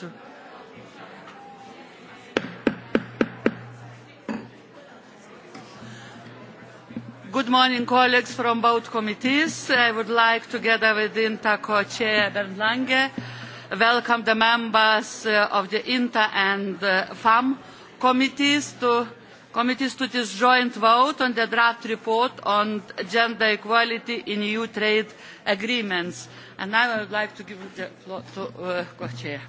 minuto. Good morning, colleagues from both committees. I would like, together with INTA co-chair Bernd Lange, welcome the members uh, of the INTA and uh, FAM committees to, committees to this joint vote on the draft report on gender equality in EU trade agreements. And now I would like to give the floor to uh, co-chair.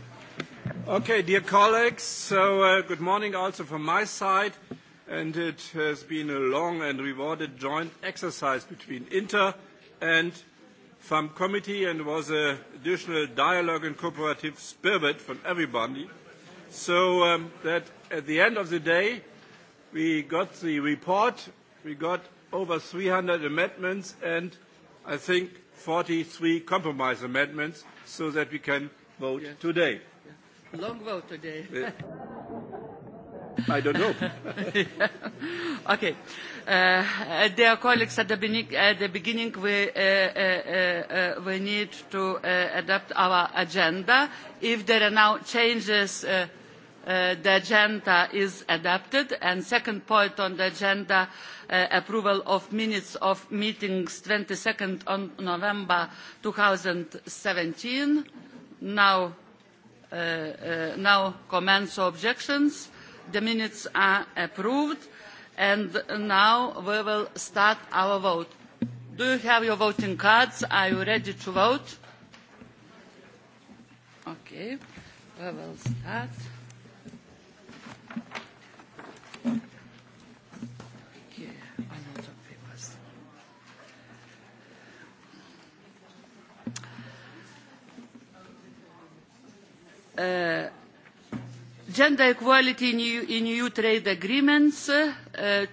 Okay, dear colleagues, so uh, good morning also from my side. And it has been a long and rewarded joint exercise between Inter and FAM Committee and was an additional dialogue and cooperative spirit from everybody. So um, that at the end of the day, we got the report, we got over 300 amendments and I think 43 compromise amendments so that we can vote yes. today. Yes long vote today. Yeah. I don't know. yeah. Okay. Uh, uh, dear colleagues, at the, be- at uh, the beginning we, uh, uh, uh, uh, we need to uh, adapt our agenda. If there are now changes, uh, uh, the agenda is adapted. And second point on the agenda, uh, approval of minutes of meetings 22nd on November 2017. Now, Uh, uh, now comments or objections the minutes are approved and now we will start our vote. Do you have your voting cards? Are you ready to vote? Okay, we will start. Uh, gender equality in eu trade agreements uh,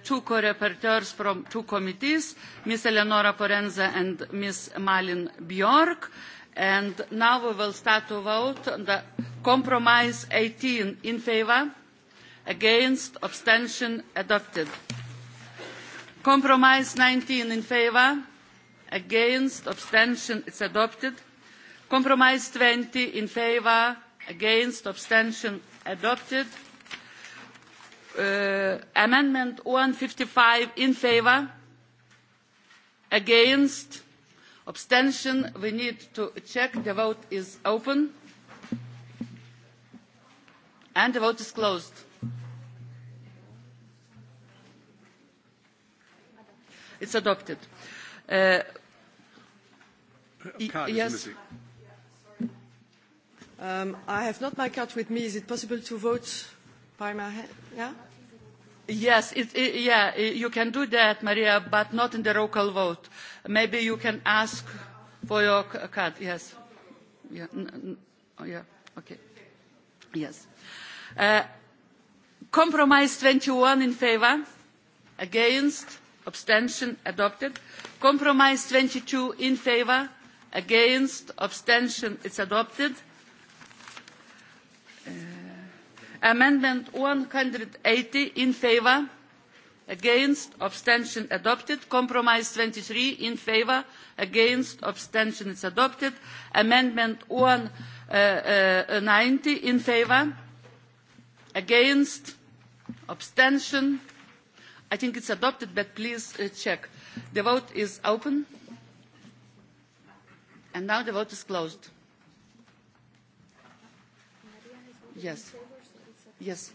two corapporteurs from two committees ms eleonora forenza and ms malin bjork and now we will start to vote on the compromise eighteen in favour against abstention adopted. compromise nineteen in favour against abstention it is adopted. compromise twenty in favour against abstention adopted uh, amendment one fifty five in favour against abstention we need to check the vote is open and the vote is closed it's adopted uh, yes Um, I have not my card with me. Is it possible to vote by my hand? Yeah? Yes, it, it, yeah, you can do that, Maria, but not in the local vote. Maybe you can ask for your card. Yes. Yeah. N n oh, yeah. Okay. Yes. Uh, compromise 21 in favor. Against. Abstention. Adopted. Compromise 22 in favor. Against. Abstention. It's adopted. amendment one hundred and eighty in favour against abstention adopted compromise twenty three in favour against abstention is adopted amendment one ninety in favour against abstention i think it is adopted but please uh, check the vote is open and now the vote is closed yes Yes.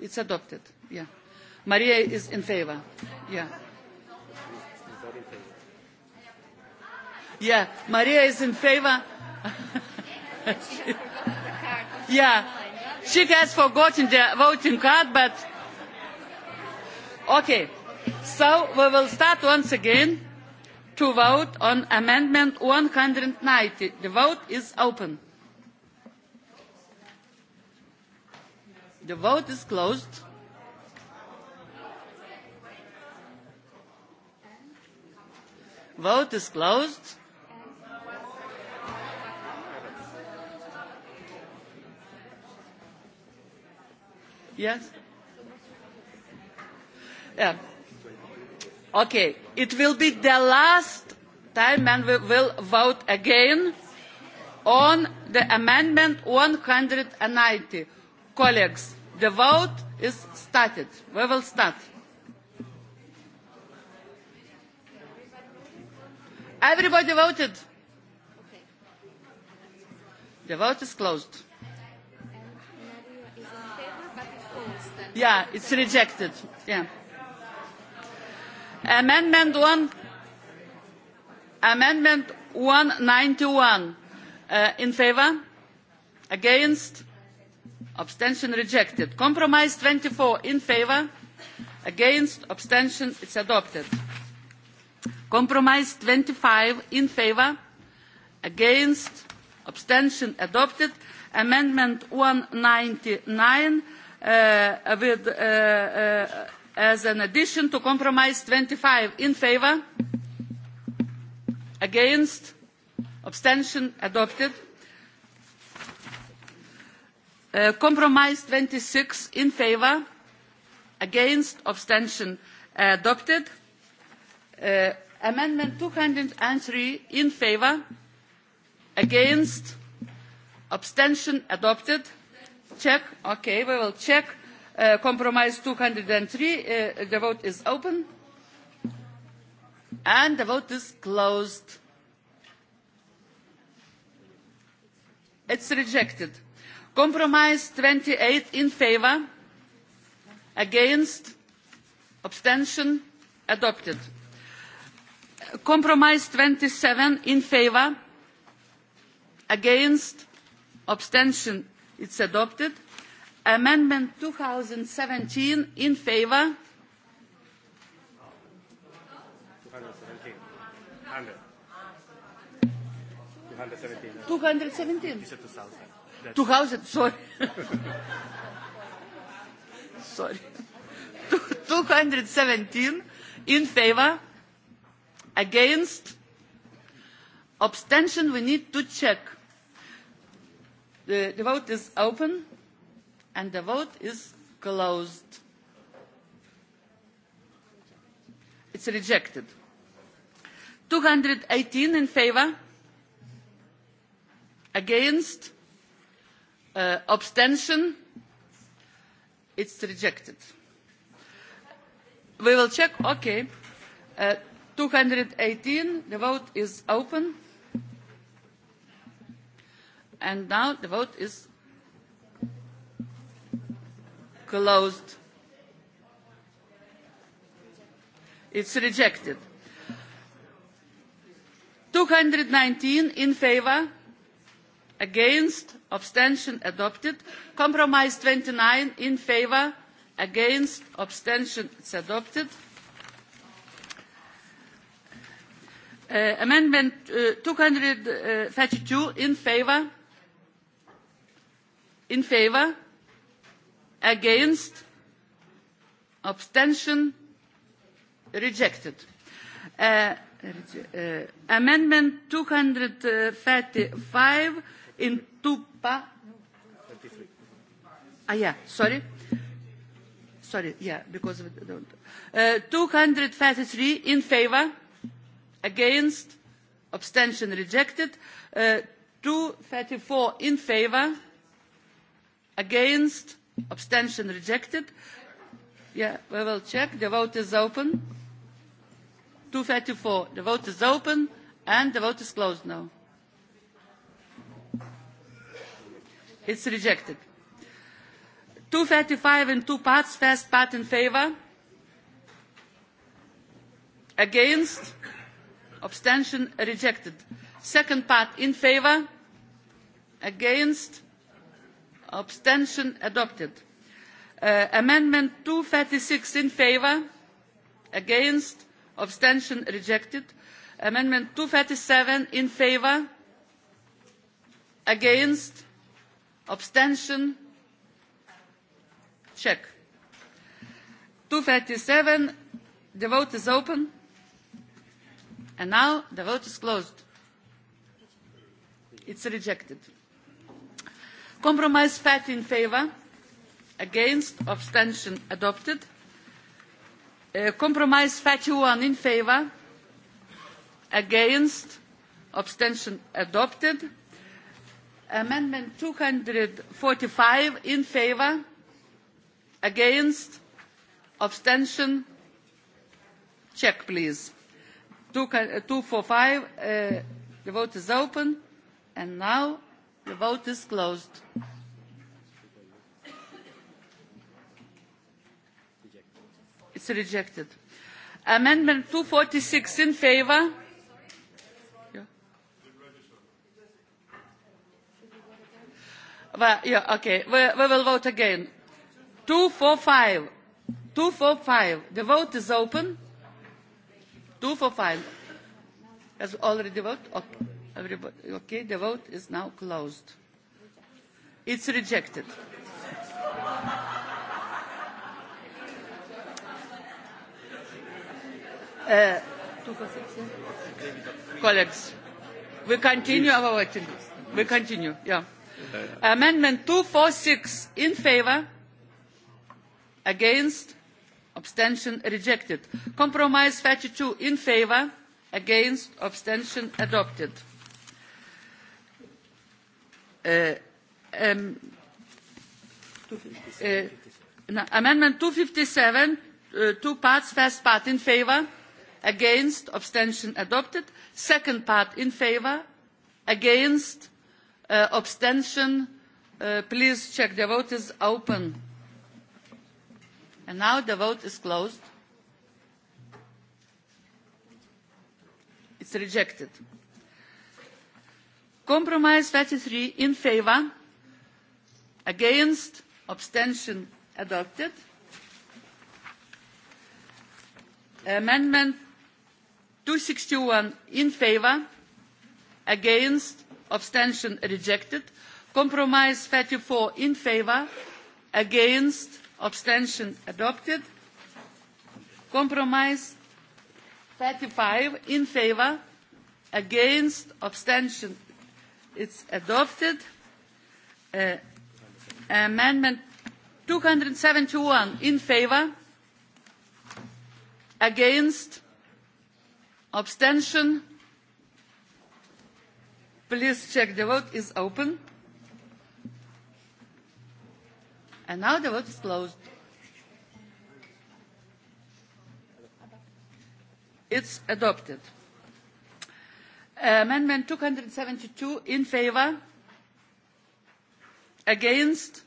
It's adopted. Yeah. Maria is in favor. Yeah. Yeah, Maria is in favor. she, yeah, she has forgotten the voting card, but. Okay, so we will start once again to vote on Amendment 190. The vote is open. The vote is closed. Vote is closed. Yes? Yeah. Okay. It will be the last time, and we will vote again on the amendment 190 colleagues the vote is started we will start everybody voted the vote is closed yeah it's rejected yeah amendment 1 amendment 191 uh, in favor against abstention rejected compromise twenty four in favour against abstention it is adopted compromise twenty five in favour against abstention adopted amendment one hundred and ninety nine uh, with, uh, uh, as an addition to compromise twenty five in favour against abstention adopted Uh, compromise twenty six in favour against abstention uh, adopted uh, amendment two hundred and three in favour against abstention adopted check ok we will check compromise two hundred and three the vote is open and the vote is closed it is rejected compromise twenty eight in favour against abstention adopted. compromise twenty seven in favour against abstention it is adopted. amendment two thousand and seventeen in favour two hundred and seventeen 2000, sorry. sorry. 217 in favor. Against. Abstention, we need to check. The, the vote is open and the vote is closed. It's rejected. 218 in favor. Against. Uh, abstention it is rejected. we will check ok. Uh, two hundred and eighteen the vote is open and now the vote is closed. it is rejected. two hundred and nineteen in favour against abstention adopted compromise twenty nine in favour against abstention adopted amendment two hundred and thirty two in favour in favour against abstention rejected amendment two hundred and thirty five in tu pa. Ah, yeah, ja, sorry. Sorry, yeah, ja, because of the. Uh, 233 in favor, against, abstention rejected. Uh, 234 in favor, against, abstention rejected. Yeah, we will check. The vote is open. 234, the vote is open, and the vote is closed now. it's rejected. two thirty five and two parts first part in favour against abstention rejected second part in favour against abstention adopted uh, amendment two thirty six in favour against abstention rejected amendment two thirty seven in favour against abstention check two thirty seven the vote is open and now the vote is closed it's rejected compromise fat in favour against abstention adopted uh, compromise fat one in favour against abstention adopted amendment two hundred and forty five in favour against abstention check please two four five uh, the vote is open and now the vote is closed it's rejected amendment two hundred and forty six in favour yeah, okay. We, we will vote again. Two, four, five. Two, four, five. The vote is open. Two, four, five. Has already voted. Okay. Everybody. Okay. The vote is now closed. It's rejected. uh, colleagues, we continue our voting. We continue. Yeah amendment two hundred and forty six in favour against abstention rejected; compromise thirty two in favour against abstention adopted. Uh, um, uh, no, amendment two hundred and fifty seven uh, two parts first part in favour against abstention adopted; second part in favour against Uh, abstention uh, please check the vote is open and now the vote is closed it's rejected compromise 33 in favor against abstention adopted amendment 261 in favor against abstention rejected compromise fifty four in favour against abstention adopted compromise fifty five in favour against abstention it is adopted uh, amendment two hundred and seventy one in favour against abstention Please check the vote is open. Now the vote is closed. It's adopted. Amendment 272 in favor, against,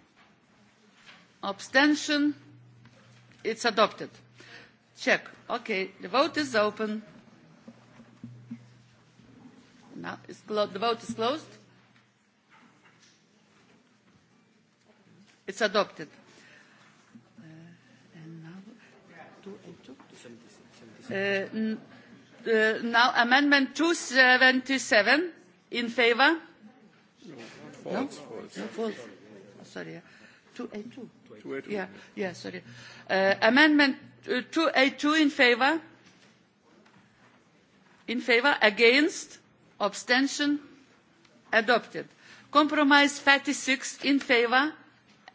abstention. It's adopted. Check. Okay, the vote is open not. The vote is closed. It's adopted. Uh, uh, uh, now Amendment 277. In favor? No, no, no. False. No? False. Sorry. 282. 282. Yeah. Yeah, sorry. Amendment 282 in favor? In favor. Against? abstention adopted. compromise fifty six in favour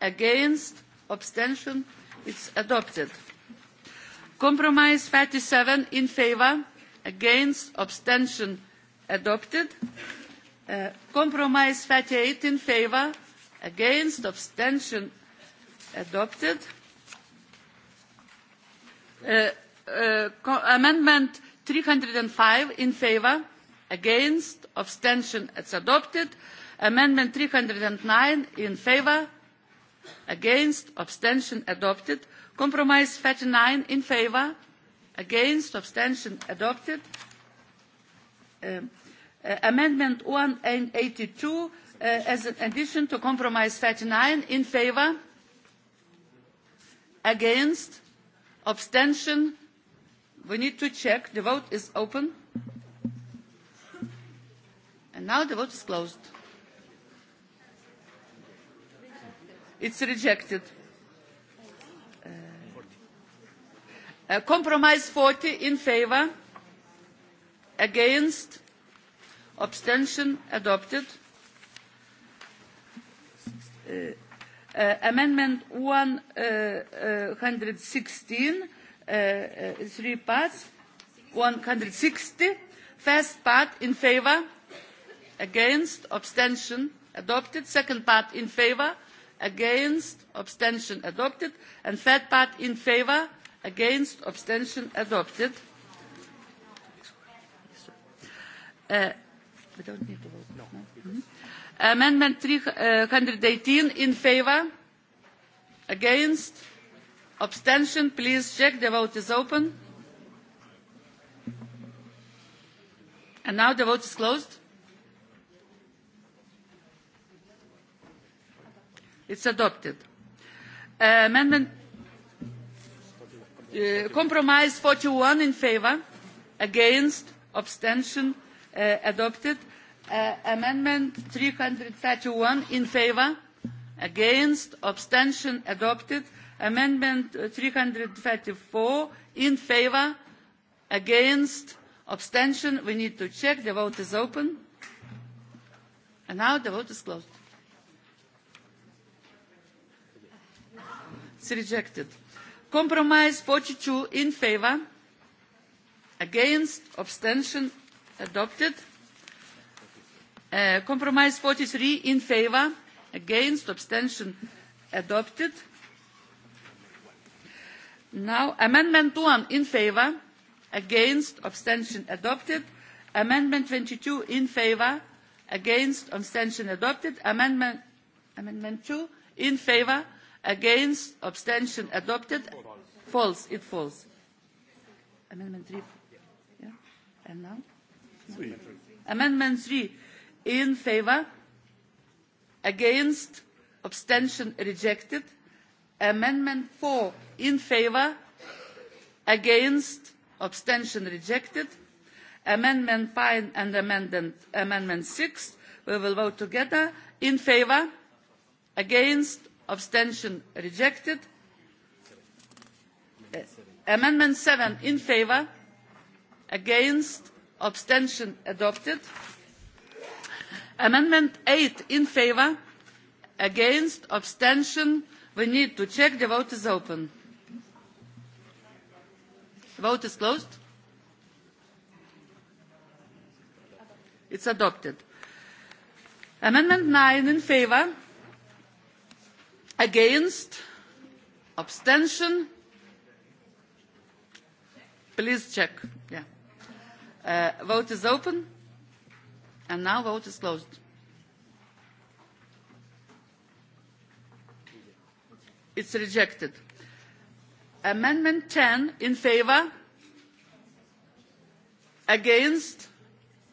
against abstention it is adopted. compromise fifty seven in favour against abstention adopted. Uh, compromise fifty eight in favour against abstention adopted. Uh, uh, amendment three hundred and five in favour against abstention it is adopted. amendment three hundred and nine in favour against abstention adopted. compromise thirty nine in favour against abstention adopted. Um, uh, amendment one eighty two uh, as an addition to compromise thirty nine in favour against abstention we need to check the vote is open. Now the vote is closed. It's rejected. Uh, uh, compromise 40 in favor, against, abstention adopted. Uh, uh, amendment 116, uh, uh, uh, uh, three parts, 160, first part in favor, against abstention adopted second part in favour against abstention adopted and third part in favour against abstention adopted. Uh, no. mm-hmm. amendment three hundred and eighteen in favour against abstention please check the vote is open and now the vote is closed. it's adopted. Uh, amendment uh, compromise forty one in favour uh, against abstention adopted. amendment three hundred and thirty one in favour against abstention adopted. amendment three hundred and thirty four in favour against abstention we need to check the vote is open and now the vote is closed. it's rejected. compromise forty two in favour against abstention adopted. Uh, compromise forty three in favour against abstention adopted. now amendment one in favour against abstention adopted. amendment twenty two in favour against abstention adopted. amendment two in favour against abstention adopted falls it falls amendment three in favour against abstention rejected amendment four in favour against abstention rejected amendment five and amendment six we will vote together in favour against abstention rejected uh, amendment seven in favour against abstention adopted amendment eight in favour against abstention we need to check the vote is open vote is closed it's adopted amendment nine in favour against abstention please check yeah uh, vote is open and now vote is closed it's rejected amendment 10 in favor against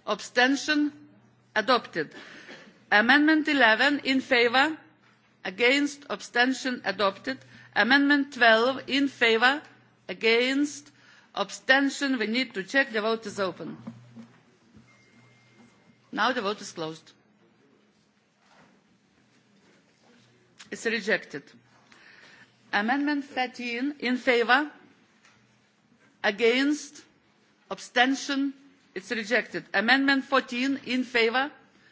abstention adopted amendment 11 in favor against abstention adopted amendment twelve in favour against abstention we need to check the vote is open. now the vote is closed. it is rejected. amendment thirteen in favour against abstention it is rejected. amendment fourteen in favour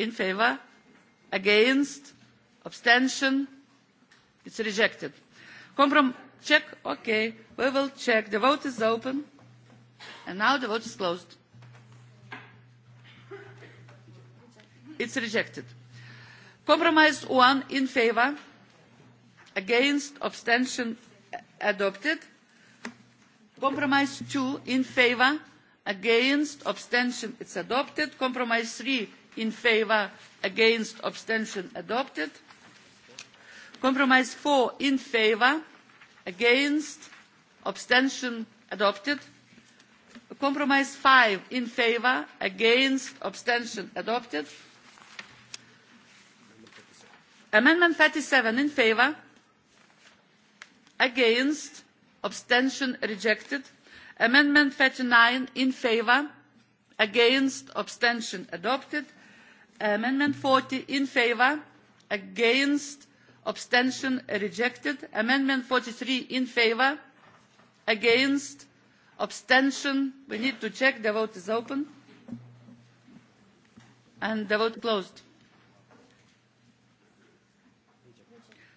in favour against abstention it's rejected compro check ok we will check the vote is open and now the vote is closed it's rejected compromise one in favour against abstention adopted compromise two in favour against abstention it's adopted compromise three in favour against abstention adopted compromise four in favour against abstention adopted compromise five in favour against abstention adopted amendment thirty seven in favour against abstention rejected amendment thirty nine in favour against abstention adopted amendment forty in favour against abstention rejected; amendment forty three in favour against abstention we need to check the vote is open and the vote closed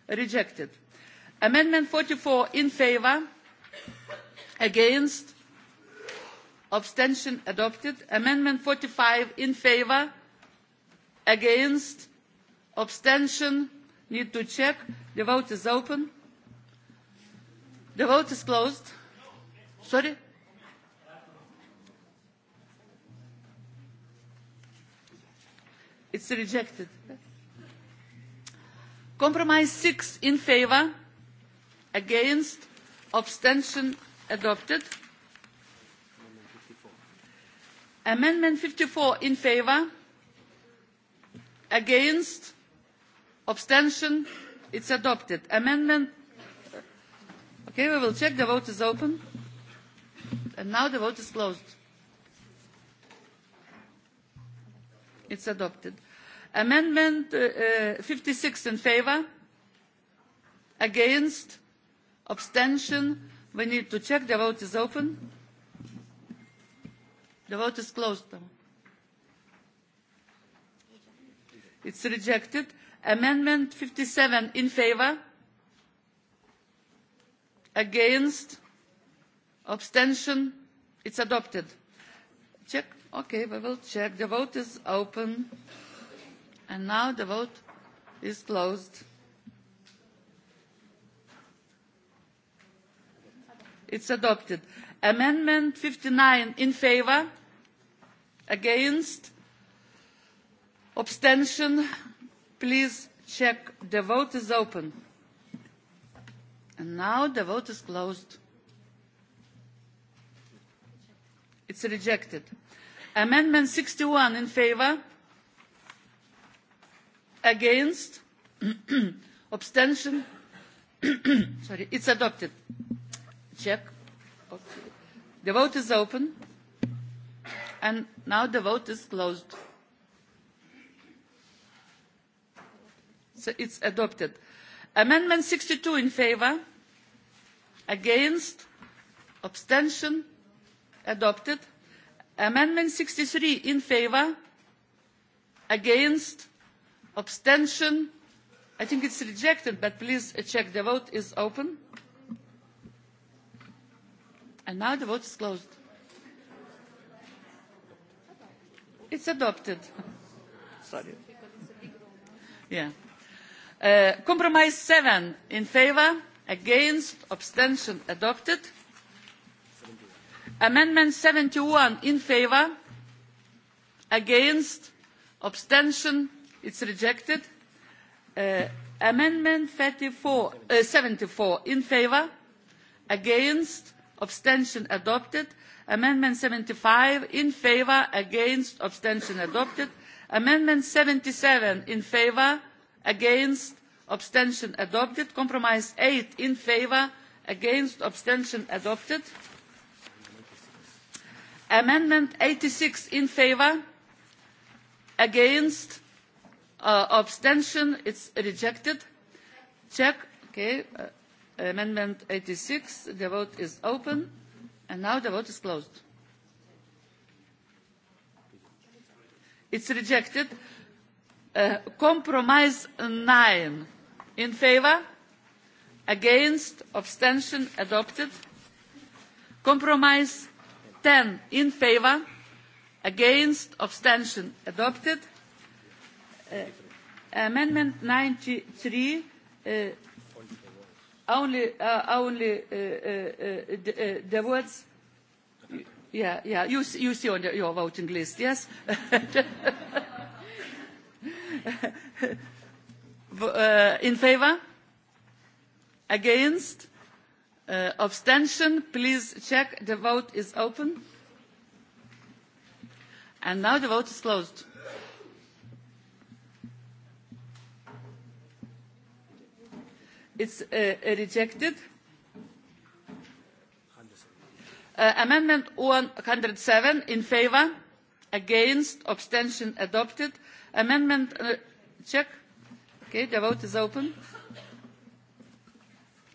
rejected; amendment forty four in favour against abstention adopted; amendment forty five in favour against abstention need to check the vote is open the vote is closed sorry it's rejected compromise six in favor against abstention adopted amendment fifty four in favour against abstention it is adopted. amendment ok we will check the vote is open and now the vote is closed it is adopted. amendment uh, uh, fifty six in favour against abstention we need to check the vote is open the vote is closed now. it's rejected. amendment fifty seven in favour against abstention it's adopted. check ok we will check the vote is open and now the vote is closed. it's adopted. amendment fifty nine in favour against abstention please check the vote is open and now the vote is closed it's rejected amendment 61 in favor against abstention sorry it's adopted check the vote is open and now the vote is closed it is adopted. amendment sixty two in favour against abstention adopted. amendment sixty three in favour against abstention i think it is rejected but please check the vote is open. and now the vote is closed. it is adopted. Uh, compromise seven in favour against abstention adopted amendment seventy one in favour against abstention it is rejected uh, amendment uh, seventy four in favour against abstention adopted amendment seventy five in favour against abstention adopted amendment seventy seven in favour against abstention adopted; compromise eight in favour against abstention adopted; amendment eighty six in favour against uh, abstention it is rejected; uh, amendment eighty six the vote is open and now the vote is closed. it is rejected. Eh, compromise nine in favour against abstention adopted compromise ten in favour against abstention adopted eh, amendment ninety three eh, only uh, the words yeah yeah you see on your voting list yes Eh, in favor against uh, abstention please check the vote is open and now the vote is closed it's uh, rejected uh, amendment 107 in favor against abstention adopted amendment uh, check okay the vote is open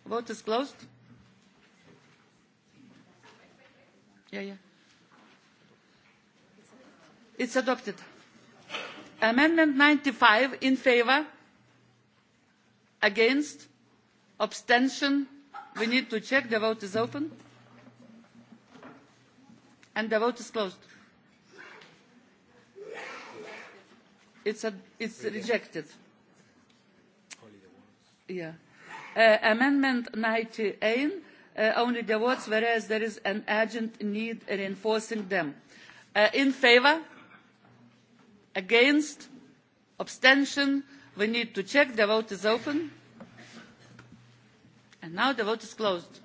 vote is closed yeah yeah it's adopted amendment 95 in favor against abstention we need to check the vote is open and the vote is closed it's rejected. Uh, amendment ninety eight uh, only the words whereas there is an urgent need reinforcing them. Uh, in favour? against? abstention? we need to check. the vote is open. and now the vote is closed.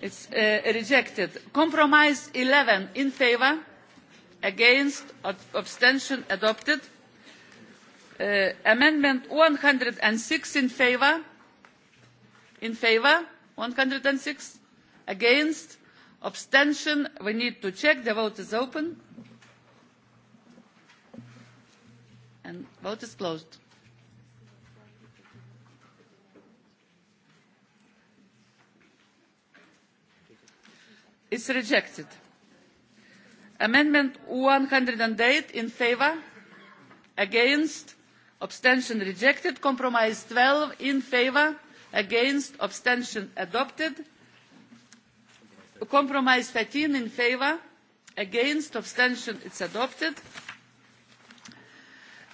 it is uh, rejected. compromise eleven in favour against abstention adopted. Uh, amendment one hundred and six in favour in favour one hundred and six against abstention we need to check the vote is open and vote is closed. is rejected. amendment one hundred and eight in favour against abstention rejected. compromise twelve in favour against abstention adopted. compromise thirteen in favour against abstention adopted.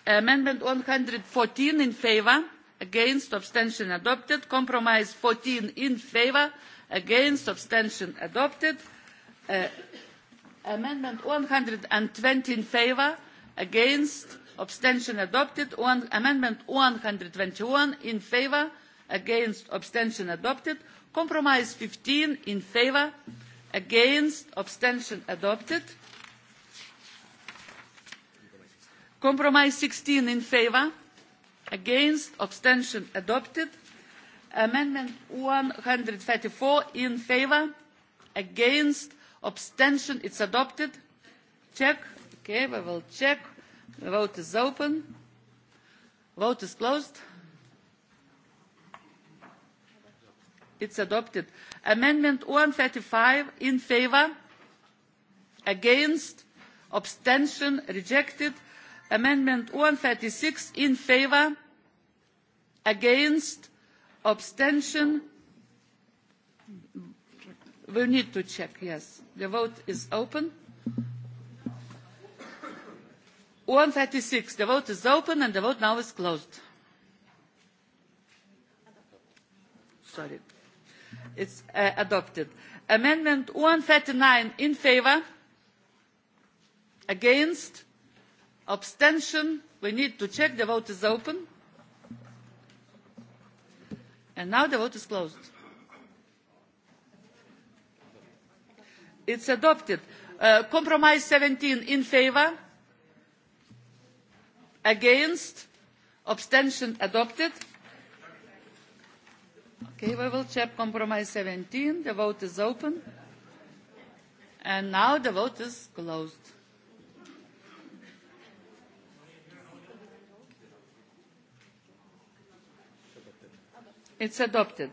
amendment one hundred and fourteen in favour against abstention adopted compromise fourteen in favour against abstention adopted uh, amendment one hundred and twenty in favour against abstention adopted amendment one hundred and twenty one in favour against abstention adopted compromise fifteen in favour against abstention adopted compromise sixteen in favour against abstention adopted amendment one hundred and thirty four in favour against abstention it's adopted check okay we will check the vote is open vote is closed it's adopted amendment one hundred and thirty five in favour against abstention rejected amendment one hundred and thirty six in favour against abstention we need to check yes the vote is open one hundred and thirty six the vote is open and the vote now is closed sorry it is uh, adopted. amendment one hundred and thirty nine in favour against abstention we need to check the vote is open now the vote is closed. it's adopted. Uh, compromise 17 in favour. against. abstention adopted. okay, we will check compromise 17. the vote is open. and now the vote is closed. it's adopted.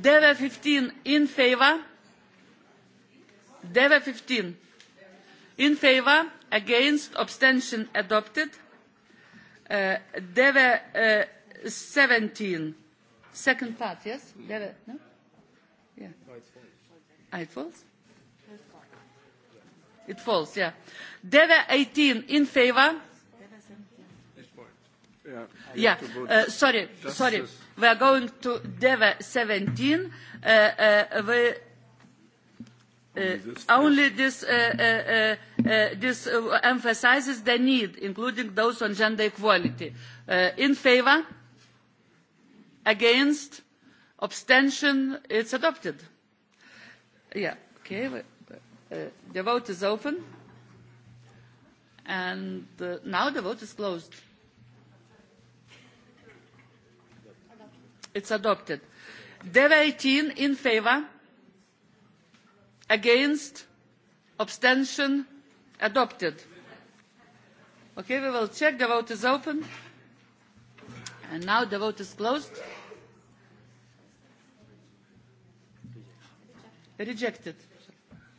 deve fifteen in favour deve fifteen in favour against abstention adopted uh, deve uh, seventeen second part yes deve no yeah no, it's false. Ah, I false. It falls, yeah. Deva 18 in favor. Yeah, yeah. Uh, sorry, Justice. sorry. We are going to Deva 17. Uh, uh, we, uh, only this, uh, uh, uh, uh, this uh, emphasizes the need, including those on gender equality. Uh, in favor? Against? Abstention? It's adopted. Yeah, okay. We, uh, Uh, the vote is open. Uh, now the vote is closed. It's adopted. 18 in favor, against, abstention, adopted. Okay, we will check. The vote is open. Now the vote is closed. Rejected.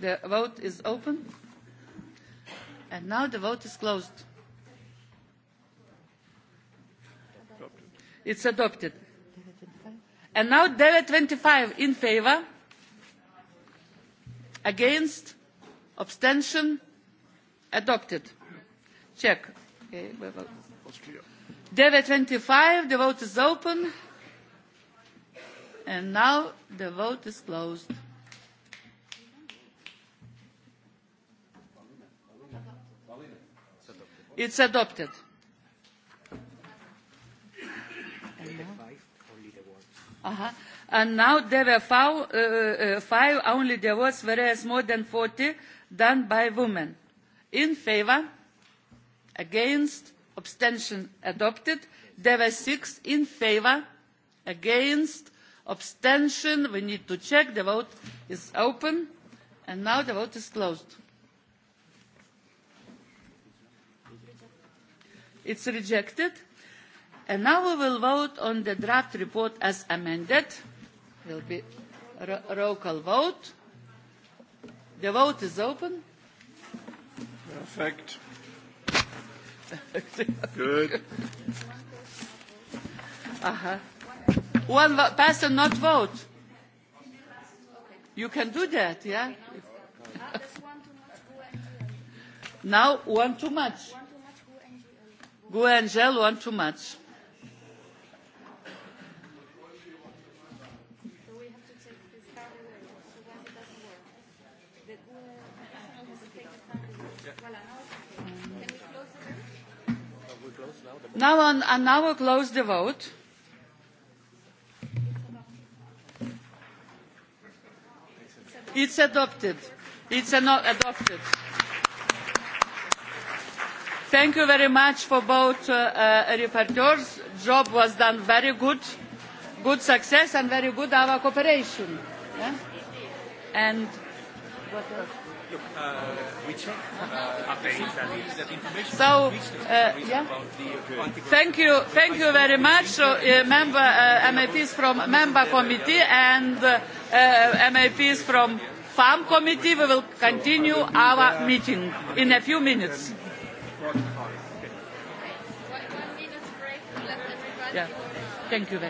The vote is open. And now the vote is closed. Adopted. It's adopted. And now Dele 25 in favor, against, abstention, adopted. Check. Okay, we will. Dele 25, the vote is open. And now the vote is closed. it's adopted. Uh-huh. And now there were five, uh, uh, uh five only the awards, whereas more than 40 done by women. In favor, against, abstention adopted. There were six in favor, against, abstention. We need to check. The vote is open. And now the vote is closed. It's rejected. Now we will vote on the draft report as amended. There'll be roll call vote. The vote is open. Perfect. Good. Uh-huh. One person not vote. You can do that, yeah? Now there's one too much who went here. Now one too much. One too much gue angel one too much Now on, I now will close the vote. It's adopted. It's adopted. It's thank you very much for both uh, uh, reporters. job was done very good. good success and very good our cooperation. Yeah? and what else? look, uh, we checked uh, that information. so, uh, yeah. Uh, thank you. thank you very much. So, uh, member uh, meps from member committee and uh, uh, meps from farm committee. we will continue our meeting in a few minutes. Yeah. Thank you very